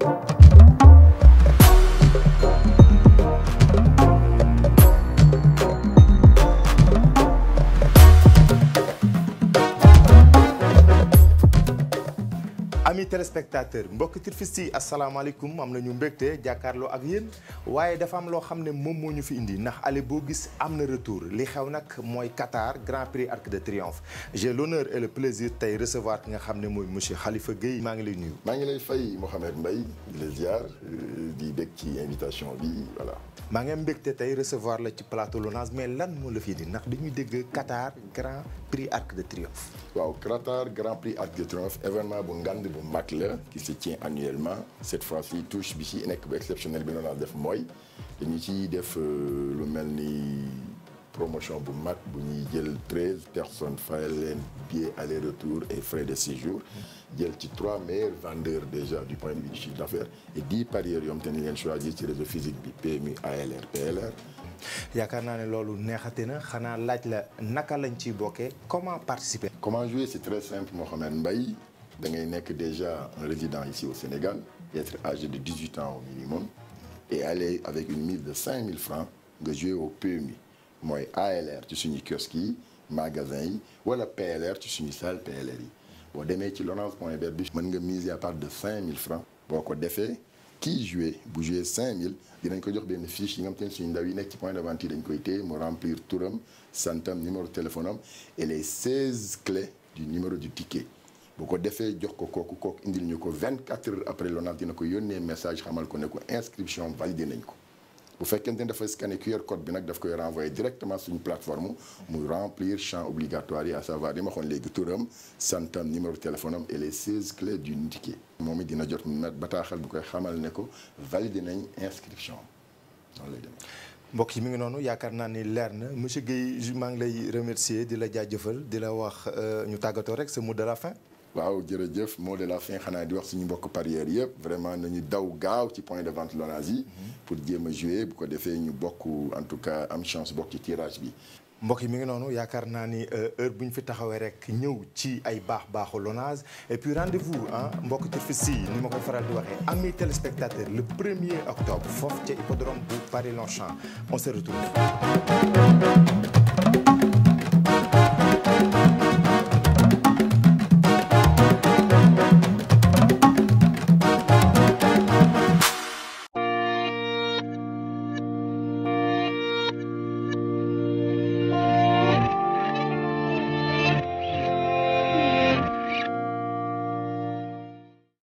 thank you ami téléspectateur mbokki Tirfis yi asalaamaaleykum am nañu mbégte jàkkaarloo ak yéen waaye dafa am loo xam ne moom moo ñu fi indi ndax ale boo gis am na retour li xew nag mooy Qatar Grand Prix Arc de Triomphe j'ai l'honneur et le nga xam ne monsieur Khalifa Gueye maa ngi lay nuyu. maa ngi lay fay Mouhamed Mbaye di la ziar euh, di bég ci invitation bi voilà. maa ngi am tey recevoir la ci plateau Lonase mais lan moo la fi indi ndax dañuy dégg Qatar Grand Prix Arc de Triomphe. waaw Qatar Grand Prix Arc de Triomphe événement bu ngand bu MAC la ki se tient annuellement cette fois-ci touche bi ci nekk bu exceptionnel bi noonu def mooy dañu ci def euh, lu mel ni promotion bu mag bu ñuy jël treize personnes fay leen billet aller-retour et frais de séjour jël ci trois meilleurs vendeurs déjà du point de vue du chiffre d'affaires et dix parieurs te ni leen choisir ci réseau physique bi PMU ALR PLR yaakaar naa ne loolu neexate na xanaa laaj la naka lañ ciy bokkee comment participer comment jouer c'est très simple Mohamed Mbaye da ngay nekk déjà un résident ici au Sénégal et être âgé de 18 ans au minimum et aller avec une mise de 5000 francs nga jouer au PMI mooy ALR ci suñu kiosque yi magasin yi wala PLR ci suñu salle PLR yi boo demee ci lonase.fr bi mën nga miser à part de 5000 francs boo ko defee kii joué bu joué 5000 dinañ ko jox benn fiche yi nga xam te suñu ndaw yi nekk ci point de vente dañ koy téye mu remplir turam santam numéro téléphone am et les 16 clés du numéro du ticket bu ko defee jox ko kooku kooku indil ñu ko 24 heures après Lonase dina ko yónnee message xamal ko ne ko inscription validé nañ ko bu fekkente ne dafa scanné QR code bi nag daf koy renvoyé directement suñu plateforme muy remplir champ obligatoire yi à savoir li ma xoon léegi turam santam numéro téléphone am et les 16 clés du ticket. moom it dina jot bataaxal bu koy xamal ne ko validé nañ inscription noonu mbokk yi mi ngi noonu yaakaar naa ni leer na monsieur Guèye maa ngi lay remercier di la jaajëfal di la wax euh, ñu tàggatoo rek sa mot de la waaw jërëjëf moo de la fin xanaa di wax suñu mbokk parieurs yëpp vraiment nañu daw gaaw ci point de vente Lonase mhm. pour jéem a jouer bu ko defee ñu bokk en tout cas am chance bokk ci tirage bi mbokk yi mi ngi noonu yaakaar naa ni euh, heure bu ñu fi taxawee rek ñëw ci ay baax baaxu Lonase et puis rendez-vous ah mbokk turfi si ni ma ko faral di waxee amis téléspectateurs le premier octobre foofu ca hippodrome bu Paris Longchamp on se retrouve